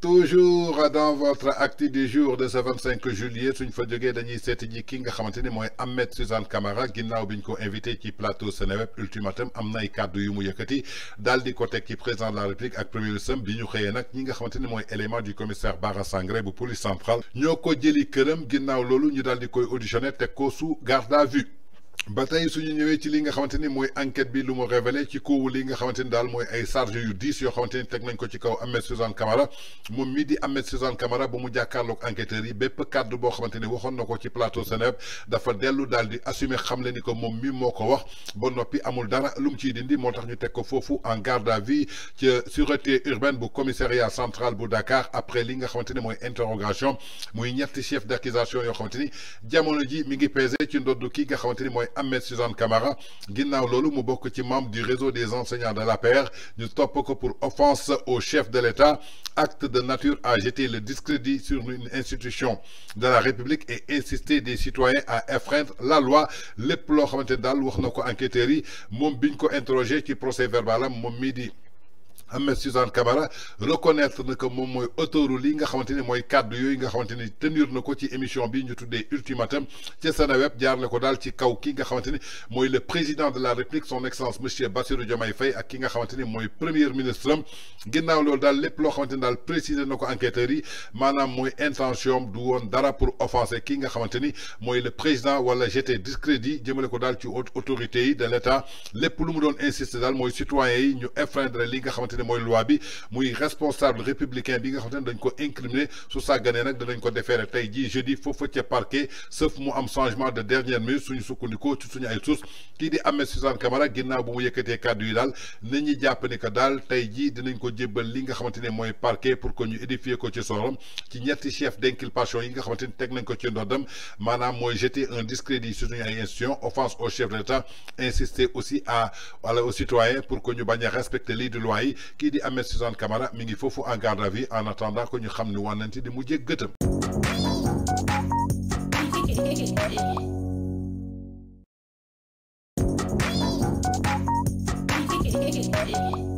toujours dans votre acte du jour de ce 25 juillet une fa jógee dañuy seeti ji ki nga Ahmed Suzanne Camara ginnaaw bi invité ci plateau Seneweb ultimatum am na ay kàddu yu mu yëkkati la république ak premier ministre Binyu ñu xëyee nag ñi nga élément du commissaire Bara Sangaré bu police centrale Nyoko ko jëli Gina ginnaaw loolu ñu koy auditionné Kosu, ko garde à vue ba tey suñu ñëwé ci li nga xamanteni moy enquête bi lu mu révélé ci kaw li nga xamanteni dal moy ay charge yu 10 yo xamanteni tek nañ ko ci kaw Ahmed Suzanne Camara mom mi di Ahmed Suzanne Camara bu mu jàkkaarloog enquêteur yi bép cadre bo xamanteni waxon nako ci plateau Seneweb dafa dellu dal di assumer xam ni ko mom mi moko wax bo nopi amul dara lu mu dindi motax ñu tek ko fofu en garde à vue ci sûreté urbaine bu commissariat central bu Dakar après li nga xamanteni moy interrogation moy ñett chef d'accusation yo xamanteni jamono ji mi ngi pesé ci ndoddu ki nga xamanteni Ahmed Suzanne Camara qui lolu mu membre du réseau des enseignants de la ne du ko pour offense au chef de l'État acte de nature à jeter le discrédit sur une institution de la République et insister des citoyens à enfreindre la loi Les plots xamante dal na yi mom interrogé ci procès verbal am midi. Ahmed Suzanne Camara reconnaître que mon mooy auteuru li nga xamante ni cadre kàddu nga tenir nos côtés ci émission bi ñu tuddee ultimatum ci Seneweb web na ko daal ci kaw ki nga xamante ni le président de la République son excellence monsieur Bassirou Diomaye Faye ak ki nga xamante premier ministre am ginnaaw dal daal lépp loo dal ni daal préciser na enquêteurs yi maanaam mooy intention du woon dara pour offenser ki nga xamante le président wala jeter discrédit jëmale ko dal ci autorité de l'État état lépp lu mu doon insister daal mooy citoyens yi ñu enfreindre li nga ne mooy loi bi muy responsable républicain bi nga xamante ne dañ ko incriminé su sàgganee nag danañ ko defeere tey jii jeudi foofa ca parquet sauf mu am changement de dernière minute suñu sukkandikoo ci suñu ay sus kii di Ahmed Suzanne Camara ginnaaw bu mu yëkkatee kàddu yi daal nit ñi jàpp ni que daal tey jii dinañ ko jébbal li nga xamante ne mooy parquet pour que ñu édifier ko ci sorom ci ñetti chef d'inculpation yi nga xamante ni teg nañ ko ci ndodam maanaam mooy jeter un discrédit sur une institution, offense au chef de l'État insister aussi à wala aux citoyens pour que ñu bañ a respecter lii di loi yi kii di Ahmed Suzanne Camara mi ngi foofu en garde à vue en attendant ko ñu xam ne wànnante di mujjee gëtëm. Thank you.